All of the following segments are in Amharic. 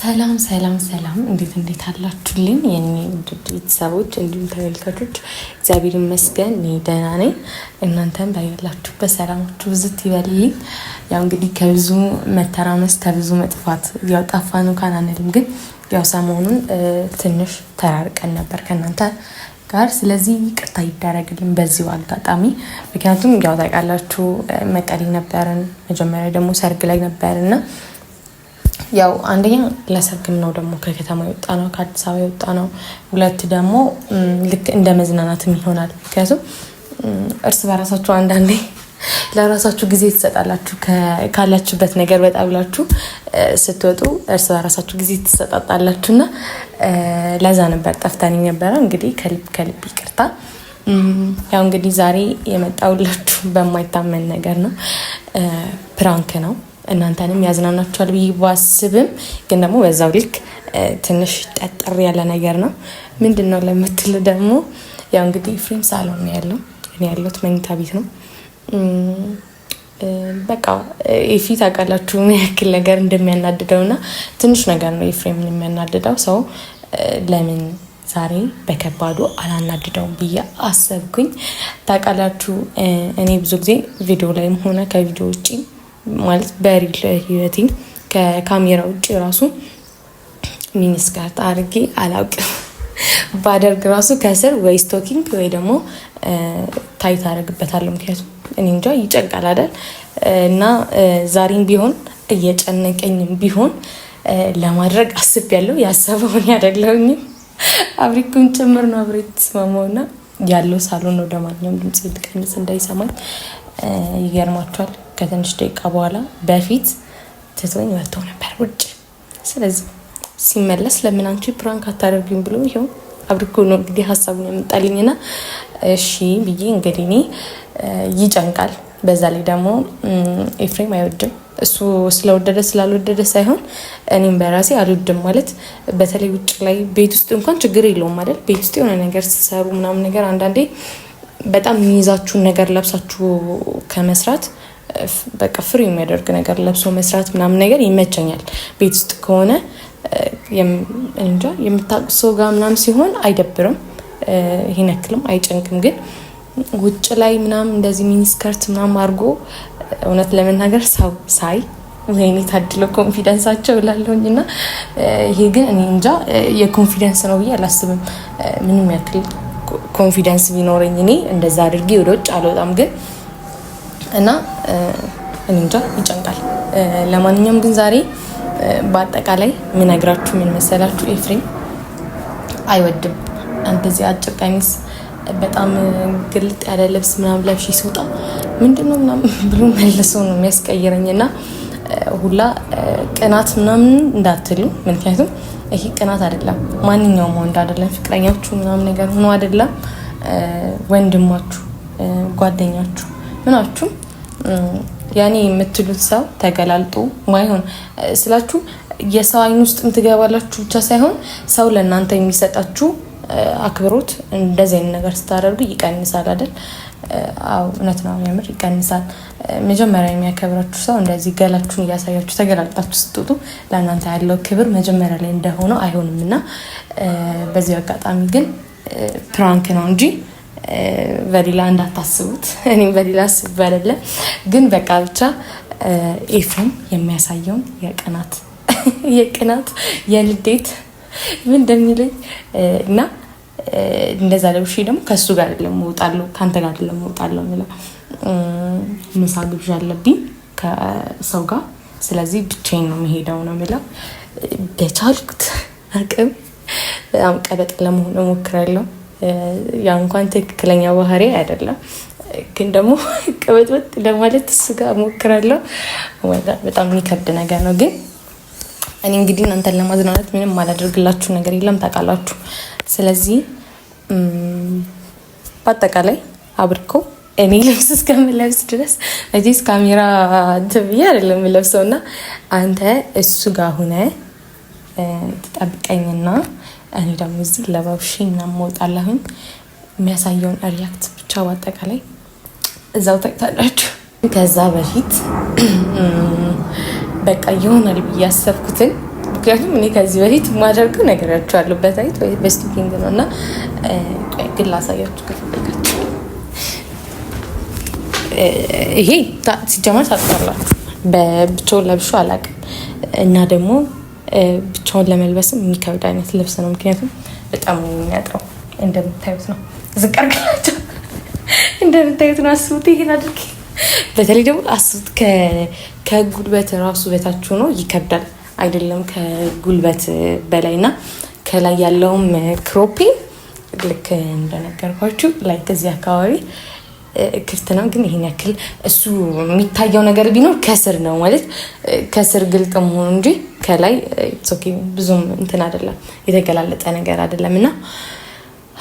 ሰላም ሰላም ሰላም፣ እንዴት እንዴት አላችሁልኝ የኔ ውድድ ቤተሰቦች እንዲሁም ተመልካቾች፣ እግዚአብሔር ይመስገን እኔ ደህና ነኝ። እናንተም ባያላችሁ ሰላማችሁ ብዝት ይበልልኝ። ያው እንግዲህ ከብዙ መተራመስ ከብዙ መጥፋት ያው ጠፋን እንኳን ግን ያው ሰሞኑን ትንሽ ተራርቀን ነበር ከእናንተ ጋር ስለዚህ ይቅርታ ይደረግልን በዚሁ አጋጣሚ። ምክንያቱም ያው ታውቃላችሁ መቀሌ ነበርን፣ መጀመሪያ ደግሞ ሰርግ ላይ ነበር እና ያው አንደኛ ለሰርግ ነው ደግሞ ከከተማ የወጣ ነው ከአዲስ አበባ የወጣ ነው። ሁለት ደግሞ ልክ እንደ መዝናናትም ይሆናል። ምክንያቱም እርስ በራሳቸው አንዳንዴ ለራሳችሁ ጊዜ ትሰጣላችሁ። ካላችሁበት ነገር ወጣ ብላችሁ ስትወጡ እርስ በራሳችሁ ጊዜ ትሰጣጣላችሁ እና ለዛ ነበር ጠፍታን የነበረው። እንግዲህ ከልብ ከልብ ይቅርታ። ያው እንግዲህ ዛሬ የመጣውላችሁ በማይታመን ነገር ነው፣ ፕራንክ ነው። እናንተንም ያዝናናችኋል ብዬ ባስብም ግን ደግሞ በዛው ልክ ትንሽ ጠጠር ያለ ነገር ነው። ምንድን ነው ለምትል ደግሞ ያው እንግዲህ ፍሬም ሳሎን ያለው እኔ ያለሁት መኝታ ቤት ነው። በቃ የፊት አውቃላችሁ ምን ያክል ነገር እንደሚያናድደው እና ትንሽ ነገር ነው ኤፍሬምን የሚያናድደው ሰው ለምን ዛሬ በከባዱ አላናድደውም ብዬ አሰብኩኝ። ታውቃላችሁ እኔ ብዙ ጊዜ ቪዲዮ ላይም ሆነ ከቪዲዮ ውጭ ማለት በሪል ህይወቴ ከካሜራ ውጭ ራሱ ሚኒስከርት አድርጌ አላውቅም። ባደርግ ራሱ ከስር ወይ ስቶኪንግ ወይ ደግሞ ታይት አደርግበታለሁ ምክንያቱም እኔ እንጃ ይጨንቃል አይደል? እና ዛሬም ቢሆን እየጨነቀኝም ቢሆን ለማድረግ አስቤያለሁ። ያሰበውን ያደግለውኝም አብሪኩን ጭምር ነው አብሬ የተስማማውና ያለው ሳሎን ነው። ለማንኛውም ድምፅ ልቀንስ እንዳይሰማኝ። ይገርማቸዋል። ከትንሽ ደቂቃ በኋላ በፊት ትቶኝ ወጥቶ ነበር ውጭ። ስለዚህ ሲመለስ ለምን አንቺ ፕራንክ አታደርጊም ብሎ ይኸው አብርኮ ነው እንግዲህ ሀሳቡን ያመጣልኝ ና እሺ ብዬ እንግዲህ እኔ ይጨንቃል። በዛ ላይ ደግሞ ኤፍሬም አይወድም። እሱ ስለወደደ ስላልወደደ ሳይሆን እኔም በራሴ አልወድም ማለት በተለይ ውጭ ላይ ቤት ውስጥ እንኳን ችግር የለውም አይደል? ቤት ውስጥ የሆነ ነገር ሲሰሩ ምናምን ነገር አንዳንዴ በጣም የሚይዛችሁን ነገር ለብሳችሁ ከመስራት በቃ ፍሪ የሚያደርግ ነገር ለብሶ መስራት ምናምን ነገር ይመቸኛል። ቤት ውስጥ ከሆነ እንጃ የምታውቁት ሰው ጋር ምናምን ሲሆን አይደብርም፣ ይሄን ያክልም አይጨንቅም። ግን ውጭ ላይ ምናምን እንደዚህ ሚኒስከርት ምናምን አድርጎ እውነት ለመናገር ሰው ሳይ ወይኔ ታድለው ኮንፊደንሳቸው እላለሁኝ። እና ይሄ ግን እኔ እንጃ የኮንፊደንስ ነው ብዬ አላስብም። ምንም ያክል ኮንፊደንስ ቢኖረኝ እኔ እንደዛ አድርጌ ወደ ውጭ አልወጣም። ግን እና እኔ እንጃ ይጨንቃል። ለማንኛውም ግን ዛሬ በአጠቃላይ ምነግራችሁ ምን መሰላችሁ? ኤፍሬም አይወድም እንደዚህ አጭር ቀሚስ በጣም ግልጥ ያለ ልብስ ምናምን ለብሽ ሲወጣ ምንድነው ምናምን ብሎ መልሶ ነው የሚያስቀይረኝ እና ሁላ ቅናት ምናምን እንዳትሉ። ምክንያቱም ይሄ ቅናት አይደለም፣ ማንኛውም ወንድ አይደለም፣ ፍቅረኛችሁ ምናምን ነገር ሆኖ አይደለም፣ ወንድማችሁ፣ ጓደኛችሁ ምናችሁ ያኔ የምትሉት ሰው ተገላልጡ ማይሆን ስላችሁ የሰው አይን ውስጥ የምትገባላችሁ ብቻ ሳይሆን ሰው ለእናንተ የሚሰጣችሁ አክብሮት እንደዚህ አይነት ነገር ስታደርጉ ይቀንሳል አይደል? አዎ እውነት ነው፣ የሚያምር ይቀንሳል። መጀመሪያ የሚያከብራችሁ ሰው እንደዚህ ገላችሁን እያሳያችሁ ተገላልጣችሁ ስትወጡ ለእናንተ ያለው ክብር መጀመሪያ ላይ እንደሆነው አይሆንም እና በዚህ አጋጣሚ ግን ፕራንክ ነው እንጂ በሌላ እንዳታስቡት፣ እኔም በሌላ አስቡ አይደለም። ግን በቃ ብቻ ኤፍሬም የሚያሳየውን የቅናት የቅናት የንዴት ምን እንደሚለኝ እና እንደዛ ለብሽ ደግሞ ከእሱ ጋር አይደለም እወጣለሁ፣ ከአንተ ጋር አይደለም እወጣለሁ የሚለው ምሳ ግብዣ አለብኝ ከሰው ጋር ስለዚህ ብቻዬን ነው የምሄደው ነው የሚለው። በቻልኩት አቅም በጣም ቀበጥ ለመሆን እሞክራለሁ። ያ እንኳን ትክክለኛ ባህሪ አይደለም፣ ግን ደግሞ ቅበጥበጥ ለማለት ስጋ ሞክራለሁ። በጣም የሚከብድ ነገር ነው። ግን እኔ እንግዲህ እናንተን ለማዝናናት ምንም አላደርግላችሁ ነገር የለም ታውቃላችሁ። ስለዚህ በአጠቃላይ አብርኮ እኔ ልብስ እስከምለብስ ድረስ እዚህ ካሜራ ትብዬ አይደለም የምለብሰው እና አንተ እሱ ጋር ሁነ ትጠብቀኝና እኔ ደግሞ እዚህ ለባብሽ እና መውጣላሁኝ የሚያሳየውን ሪያክት ብቻ በአጠቃላይ እዛው ታይታላችሁ። ከዛ በፊት በቃ ይሆናል ብዬ ያሰብኩትን ምክንያቱም እኔ ከዚህ በፊት ማደርገው ነገራችኋለሁ በታይት ወይ በስቲኪንግ ነው እና ግን ላሳያችሁ ከፈለጋችሁ ይሄ ሲጀመር ታጥቃላችሁ። በብቾ ለብሾ አላውቅም እና ደግሞ ብቻውን ለመልበስም የሚከብድ አይነት ልብስ ነው። ምክንያቱም በጣም የሚያጥረው እንደምታዩት ነው። ዝቀርግላቸው እንደምታዩት ነው። አስቡት ይሄን አድርጌ በተለይ ደግሞ አስቡት ከጉልበት ራሱ በታች ሆኖ ይከብዳል አይደለም ከጉልበት በላይ እና ከላይ ያለውም ክሮፔ ልክ እንደነገርኳችሁ ላይ ከዚህ አካባቢ ክፍት ነው፣ ግን ይሄን ያክል እሱ የሚታየው ነገር ቢኖር ከስር ነው ማለት ከስር ግልጥ መሆኑ እንጂ ከላይ ብዙም እንትን አይደለም፣ የተገላለጠ ነገር አይደለም። እና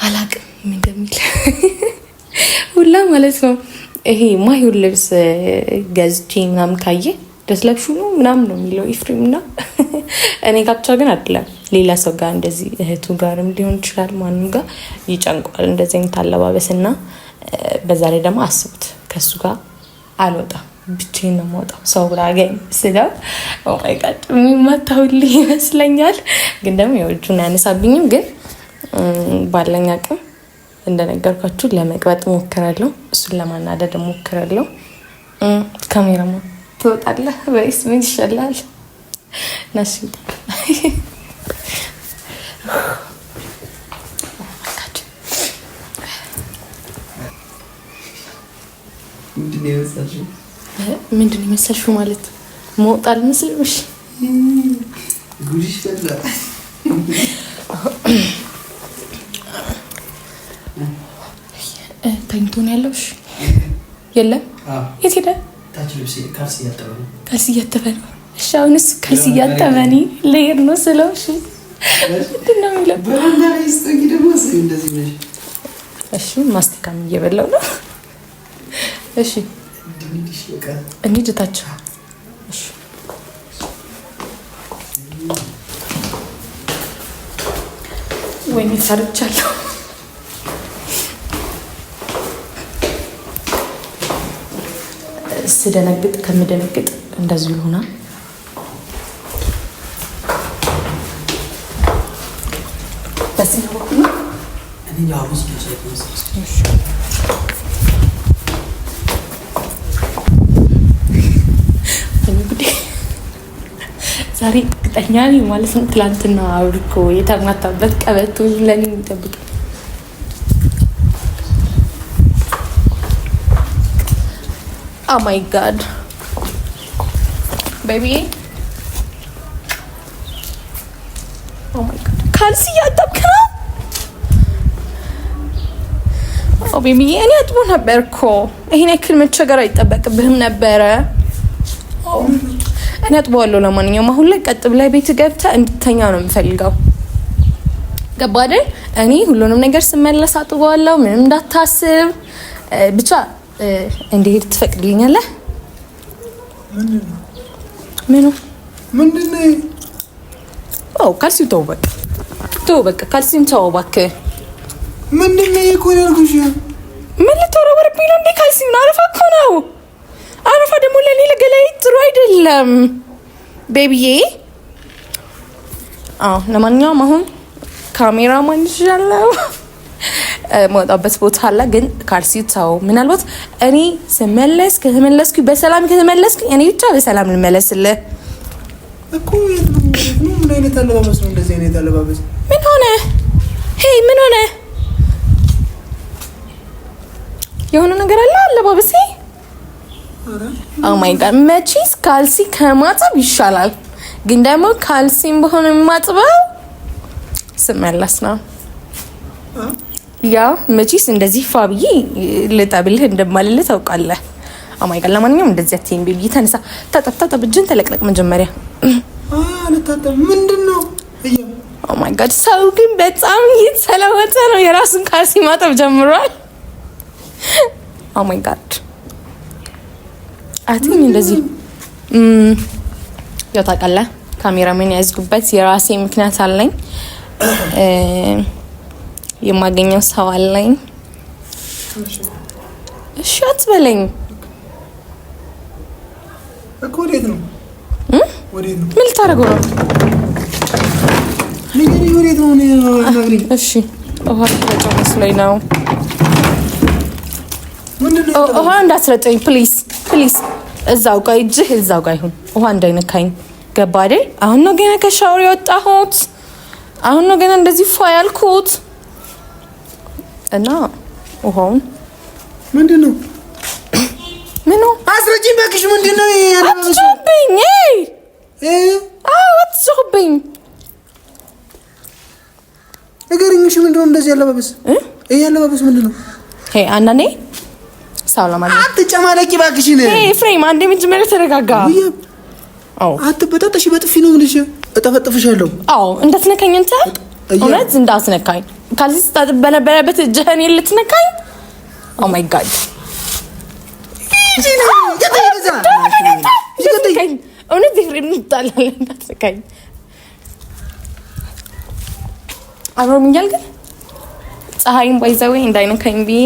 አላቅም እንደሚል ሁላ ማለት ነው ይሄ ማይሆን ልብስ ገዝቼ ምናምን ካየ ደስለብሹ ነው ምናምን ነው የሚለው ኤፍሬም እና እኔ ጋር ብቻ ግን አይደለም፣ ሌላ ሰው ጋር እንደዚህ እህቱ ጋርም ሊሆን ይችላል። ማንም ጋር ይጨንቋል እንደዚህ አይነት አለባበስና በዛ ላይ ደግሞ አስቡት ከእሱ ጋር አልወጣም ብቻዬን ነው የምወጣው። ሰው ላገኝ ስለው ኦማይጋድ የሚመታውልኝ ይመስለኛል። ግን ደግሞ የእጁን አያነሳብኝም። ግን ባለኝ አቅም እንደነገርኳችሁ ለመቅበጥ ሞክራለሁ። እሱን ለማናደድ ሞክራለሁ። ካሜራማ ትወጣለህ ወይስ ምን ይሻላል? ነሽ ምንድን ነው የመሰልሽው? ማለት መውጣ አልመስልምሽ። ጉድሽ ፈላ። ተኝቶ ነው ያለውሽ? የለም። የት ሄደ? ካልሲ እያጠበ ነው። እሺ፣ አሁንስ ካልሲ እያጠበ እኔ ልሄድ ነው ስለው እሺ፣ ምንድን ነው የሚለው? እሺ፣ ማስቲካም እየበላው ነው እሺ እንሂድ ታች። እሺ ወይኔ ሰርቻለሁ። ስደነግጥ ከምደነግጥ እንደዚሁ ይሆና በዚህ ዛሬ እርግጠኛ ነኝ ማለት ነው። ትላንትና አውርኮ የተማታበት ቀበቶ ለኔ የሚጠብቅ አማይ ጋድ ቤቢ ካልሲ እያጠብክ ነው? ቤቢዬ oh እኔ አጥቦ ነበር እኮ። ይሄን ያክል መቸገር አይጠበቅብህም ነበረ። oh. እነጥበዋለሁ። ለማንኛውም አሁን ላይ ቀጥ ብላ ቤት ገብተ እንድተኛ ነው የምፈልገው። ገባ አይደል? እኔ ሁሉንም ነገር ስመለስ አጥበዋለሁ። ምንም እንዳታስብ ብቻ እንዲሄድ ትፈቅድልኛለህ? ምኑ ምንድን ነው? ካልሲው ተው በቃ ተው በቃ ካልሲም ተው እባክህ። ምንድን ነው? ምን ልትወረወርብኝ ነው እንዴ? ካልሲውን አረፋ እኮ ነው አረፋ ደግሞ ለእኔ ለገላይ ጥሩ አይደለም ቤቢዬ። አዎ ለማንኛውም አሁን ካሜራ ማንሻለው መወጣበት ቦታ አለ፣ ግን ካልሲ ተው። ምናልባት እኔ ስመለስ ከተመለስኩ በሰላም ከተመለስኩ እኔ ብቻ በሰላም ልመለስልህ እኮ። ምን አይነት አለባበስ ነው እንደዚህ አይነት አለባበስ? ምን ሆነ? ሄይ ምን ሆነ? የሆነ ነገር አለ አለባበሴ አማይጋድ መቼስ ካልሲ ከማጠብ ይሻላል፣ ግን ደግሞ ካልሲም በሆነ የማጥበው ስመለስ ነው። ያ መቼስ እንደዚህ ፋብዬ ልጠብልህ እንደማልል ታውቃለህ። አማይጋድ ለማንኛውም እንደዚህ አትይም ቤቢ፣ ተነሳ፣ ታጠብ፣ ታጠብ፣ እጅን ተለቅለቅ መጀመሪያ። ምንድን ነው አማይጋድ ሰው ግን በጣም እየተለወጠ ነው። የራሱን ካልሲ ማጠብ ጀምሯል። አማይጋድ አትኝ እንደዚህ ያው ታውቃለህ፣ ካሜራሜን ያዝጉበት የራሴ ምክንያት አለኝ። የማገኘው ሰው አለኝ። እሺ አትበለኝ። ምን ልታደርገው ነው? እሺ ነው። ውሃ እንዳትረጠኝ ፕሊዝ ፕሊዝ እዛው ጋር እጅህ እዛው ጋር ይሁን፣ ውሃ እንዳይነካኝ። ገባ አይደል? አሁን ነው ገና ከሻወር የወጣሁት። አሁን ነው ገና እንደዚህ ፏ ያልኩት እና ውሃውን ምንድን ነው ምኑ አስረጅኝ በክሽ ምንድን ነው አትጮህብኝ! አትጮህብኝ! ንገሪኝ። እሺ ምንድን ነው እንደዚህ ያለባበስ? ይህ ያለባበስ ምንድን ነው? አናኔ ለማለት አትጨማለቂ እባክሽን። ኤፍሬም አንዴ መጀመሪያ ተረጋጋ። አትበጣጠሽ። በጥፊ ነው የምልሽ። እጠፈጥፍሻለሁ። አዎ እንዳትነካኝ አንተ፣ እውነት እንዳትነካኝ። ካልሲ ስታጥብ በነበረበት እጅህን ልትነካኝ። ኦ ማይ ጋድ እውነት ኤፍሬም እንጣላለን። እንዳትነካኝ። አብሮኛል ግን ፀሐይም ባይዘዌ እንዳይነካኝ ብዬ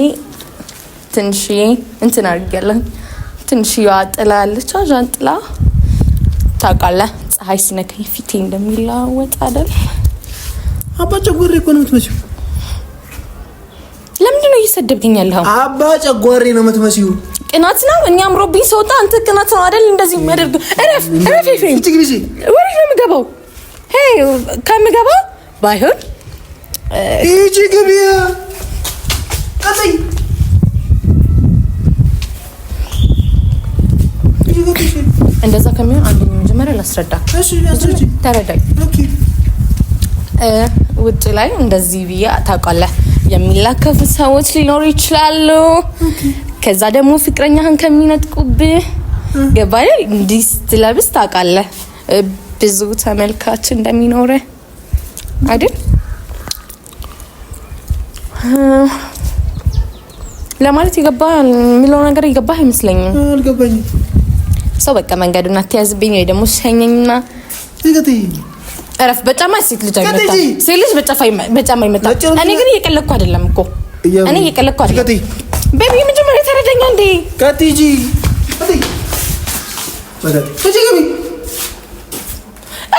ትንሽዬ እንትን አድርጌያለሁ። ትንሽዬዋ ጥላ ያለች ዣንጥላ ታውቃለህ፣ ፀሐይ ሲነካኝ ፊቴ እንደሚለዋወጥ አይደል? አባ ጨጓሬ እኮ ነው የምትመሲው። ለምንድን ነው እየሰደብኝ ያለው? አባ ጨጓሬ ነው የምትመሲው። ቅናት ነው። እኔ አምሮብኝ ስወጣ አንተ ቅናት ነው አይደል? እንደዚህ የሚያደርግ እረፍ፣ እረፍ። ይፈኝ እቺ ግብጂ ወሬ ነው የምገባው። ሄይ ከምገባ ባይሆን እቺ ግብያ ቀጥይ እንደዛ ከሚሆን አንደኛ መጀመሪያ ላስረዳችሁ ተረዳኝ። ውጭ ላይ እንደዚህ ብዬ ታውቃለህ፣ የሚላከፉ ሰዎች ሊኖሩ ይችላሉ። ከዛ ደግሞ ፍቅረኛህን ከሚነጥቁብህ ገባይ እንዲህ ስትለብስ ታውቃለህ፣ ብዙ ተመልካች እንደሚኖረ አይደል? ለማለት የገባ የሚለው ነገር የገባህ አይመስለኝም። አልገባኝም ሰው በቃ መንገዱን አትያዝብኝ ወይ ደግሞ ሸኘኝና እረፍ። በጫማ ሴት ልጅ አይመጣም፣ ሴት ልጅ በጫማ አይመጣም። እኔ ግን እየቀለኩ አይደለም እኮ እኔ እየቀለኩ አይደለም። ቤቢ መጀመሪያ ተረዳኛ እንዴ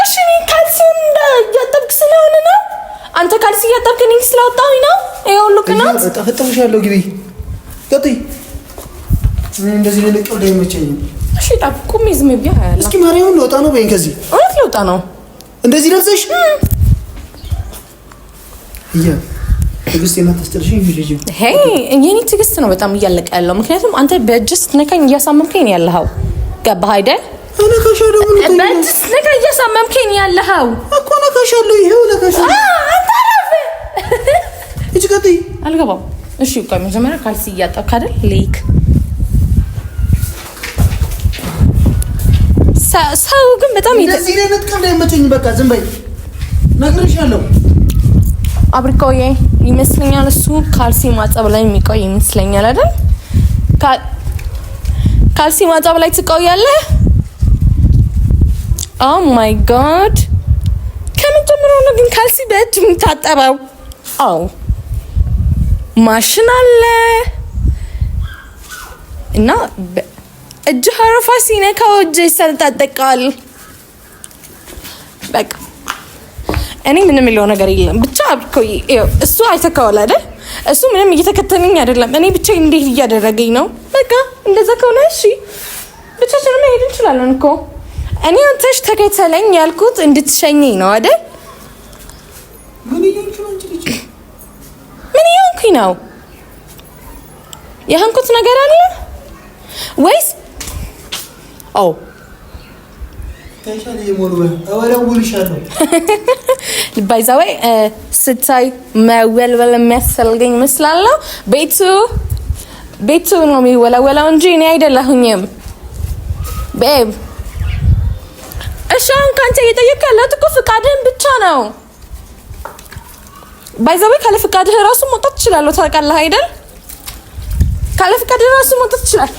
እሺ እኔ ካልሲ እያጠብክ ስለሆነ ነው። አንተ ካልሲ እያጠብክ እኔ ስላወጣሁኝ ነው። ይኸው ሁሉ ቅናት ጠፈጥብሻለሁ። ግቢ እንደዚህ ልልቅ ወደ እሺ ቁሚ፣ ዝም ብዬሽ አያለሁ። እስኪ ማርያምን ልወጣ ነው በይኝ። ከዚህ እውነት ልወጣ ነው። እንደዚህ ለብሰሽ የኔ ትዕግስት ነው በጣም እያለቀ ያለው። ምክንያቱም አንተ በእጅ ስትነካኝ እያሳመምከኝ ነው ያለኸው። ገባህ አይደል? እያሳመምከኝ ነው ያለኸው እኮ ነካሻለሁ። ይኸው ነካሻለሁ። አልገባም። እሺ ቆይ መጀመሪያ ካልሲ እያጠብክ አይደል ልሂድ ሰው ግን በጣም እንደዚህ ላይ መጥቀም ላይ መቶኝ በቃ ዝም በይ ነግሬሻለሁ። አብሪቆዬ ይመስለኛል እሱ ካልሲ ማጠብ ላይ የሚቆይ ይመስለኛል አይደል? ካልሲ ማጠብ ላይ ትቆያለህ? ኦ ማይ ጋድ ከምን ጀምሮ ነው ግን ካልሲ በእጅ የምታጠበው? አው oh! ማሽን አለ እና እጅ አረፋ ሲነካው እጅ ይሰነጣጠቃል። በቃ እኔ ምንም የሚለው ነገር የለም። ብቻ እሱ አይተካዋል አይደል? እሱ ምንም እየተከተለኝ አይደለም። እኔ ብቻ እንዴት እያደረገኝ ነው። በቃ እንደዛ ከሆነ እሺ፣ ብቻችን መሄድ እንችላለን እኮ። እኔ አንተሽ ተከተለኝ ያልኩት እንድትሸኘኝ ነው አይደል? ምን እየሆንኩኝ ነው? የህንኩት ነገር አለ ወይስ አዎ ባይዛ ወይ ስታይ መወልወል የሚያስፈልገኝ ይመስላለሁ። ቤቱ ቤቱ ነው የሚወለወለው እንጂ እኔ አይደለሁኝም። ቤብ እሺ፣ አሁን ከአንተ እየጠየኩ ያለሁት እኮ ፍቃድህን ብቻ ነው። ባይዛ ወይ ካለ ፍቃድህ ራሱ መውጣት ትችላለሁ። ታውቃለህ አይደል? ካለ ፍቃድ ራሱ መውጣት ይችላል።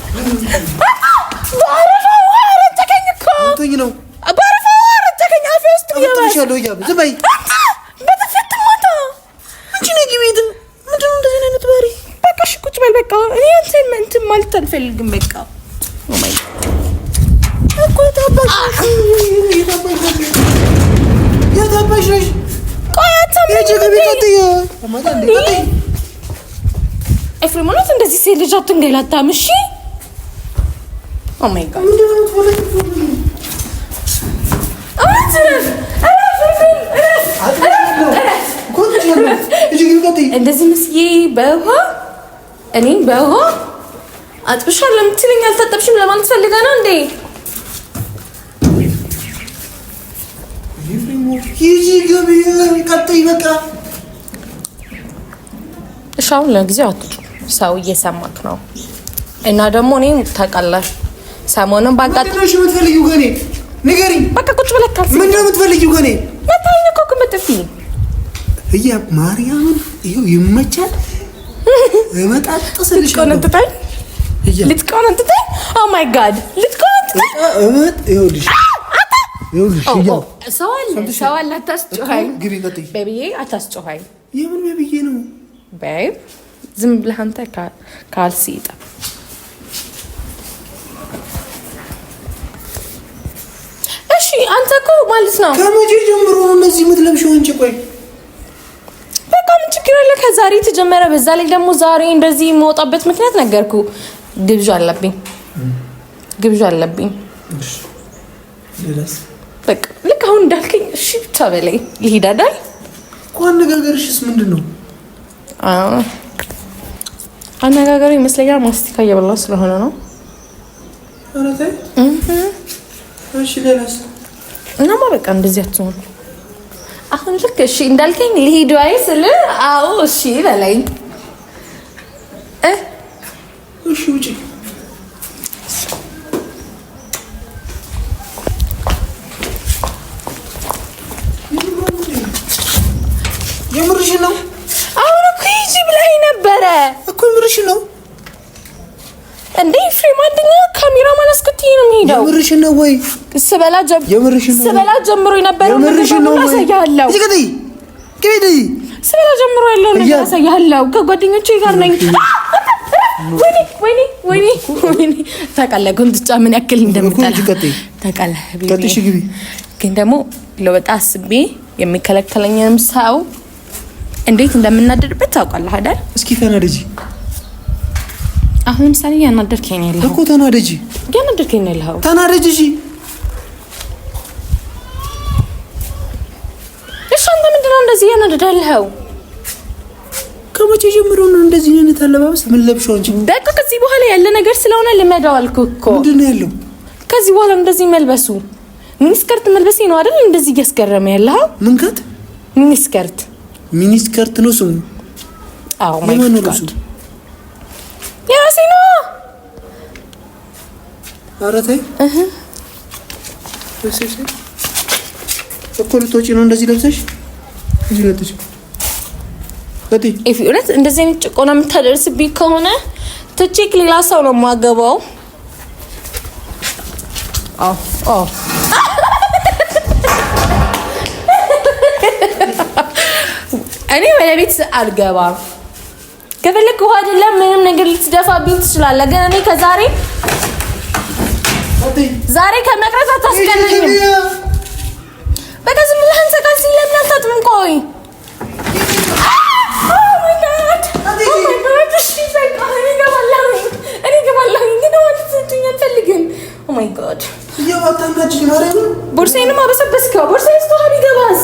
ባረፋ ውሃ ረጨከኝ እኮ ባረፋ ውሃ ረጨከኝ አፌ ውስጥ ቁጭ በል በቃ። እኔ አንተ እንትን ማለት አልፈልግም በቃ ቆይ ኤፍሬም እንደዚህ ሴት ልጅ አትንገላታም። እሺ oh እንደዚህ ምስዬ በውሃ እኔ በውሃ አጥብሻ ለምትለኝ አልታጠብሽም ለማለት ፈልገና እንዴ እሺ አሁን ለጊዜው አትጩ ሰው እየሰማክ ነው እና ደግሞ እኔ ታውቃለህ፣ ሰሞኑን ባጋጥሽ oh አታስጮኸኝ፣ ቤቢዬ አታስጮኸኝ። የምን ቤቢዬ ነው ዝም ብለህ አንተ ካልሲ ይጠብ እሺ። አንተ እኮ ማለት ነው ከመቼ ጀምሮ እነዚህ የምትለብሺው እንጂ? ቆይ በቃ ምን ችግር አለ? ከዛሬ ተጀመረ። በዛ ላይ ደግሞ ዛሬ እንደዚህ የምወጣበት ምክንያት ነገርኩ። ግብዣ አለብኝ፣ ግብዣ አለብኝ። በቃ ልክ አሁን እንዳልከኝ እሺ ብቻ በላይ ይሄዳዳል። እኮ አነጋገርሽስ ምንድን ነው? አነጋገሩ ይመስለኛል ማስቲካ እየበላ ስለሆነ ነው። እናማ በቃ እንደዚህ አትሆን። አሁን ልክ እሺ እንዳልከኝ ልሂድ ወይ ስል አዎ እሺ በላይ እሺ ውጭ የምርሽ ነው እንዴ? ፍሬም አንደኛ ካሜራ ማናስከቲ ነው የሚሄደው። የምርሽ ነው ወይ? ስበላ የምርሽ ነው? ስበላ ጀምሮ የነበረው የምርሽ ነው ወይ? እዚህ ያሳያለው ስበላ ጀምሮ ያለው ነገር ያሳያለው። ከጓደኞቼ ጋር ነኝ። ወይኔ ወይኔ ወይኔ ወይኔ። ታውቃለህ ጉንጥጫ ምን ያክል እንደምጠላ ታውቃለህ። ግን ደግሞ ለወጣ አስቤ የሚከለከለኝንም ሰው እንዴት እንደምናደድበት ታውቃለህ አይደል? እስኪ ተናደጂ አሁን ምሳሌ ያናደርከኝ ነው ያለው እኮ ተናደጂ፣ ያናደርከኝ ነው ያለው ተናደጂ። እሺ እሺ፣ አንተ ምንድን ነው እንደዚህ ያናደዳልኸው? ከመቼ ጀምሮ ነው እንደዚህ አይነት አለባበስ ምን ለብሽው እንጂ? በቃ ከዚህ በኋላ ያለ ነገር ስለሆነ ልመዳው አልኩህ እኮ። ምንድን ነው ያለው? ከዚህ በኋላ እንደዚህ መልበሱ ሚኒስከርት መልበሴ ነው አይደል? እንደዚህ እያስገረመ ያለው ምንከት ሚኒስከርት፣ ሚኒስከርት ነው ስሙ። አዎ ማይ የራሴ ነው። ኧረ ተይ እኮ ልትወጪ ነው እንደዚህ ለብሰሽ እውነት እንደዚህ አይነት ጭቆና የምታደርስብኝ ከሆነ ትቼክ ሌላ ሰው ነው የማገባው። እኔ ወደ ቤት አልገባም። ከፈለክ ውሃ አይደለም ምንም ነገር ልትደፋብኝ ትችላለህ። ግን እኔ ከዛሬ ዛሬ ከመቅረት አታስቀልኝም። በቃ ዝም ብለህ አንተ ቃል ስለምን አታጥብም? ቆይ oh oh oh ቦርሳዬንም አበሰበስከው። ቦርሳዬ ስተዋል ይገባስ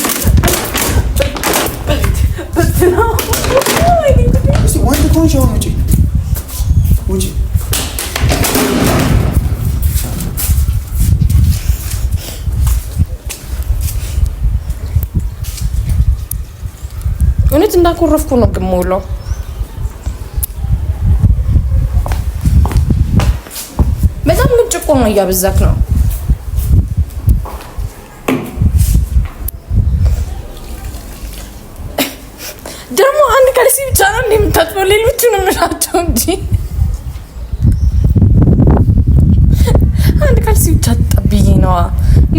ከሆንሽ አሁን ውጪ ውጪ። እውነት እንዳኮረፍኩ ነው ግን የምውለው በጣም ጭቆና እያበዛክ ነው። ተሳትፎ ሌሎችን ምላቸው እንጂ አንድ ካልሲ ብቻ ጠብዬ ነዋ።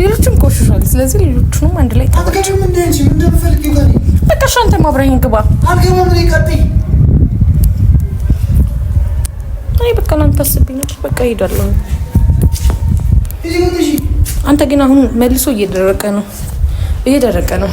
ሌሎቹም ቆሽሿል። ስለዚህ ሌሎቹንም አንድ ላይ በቃ ሻንተ ማብረኝ ግባ። አይ በቃ ለአንተ አስብኝ ነበር። በቃ እሄዳለሁ። አንተ ግን አሁን መልሶ እየደረቀ ነው፣ እየደረቀ ነው።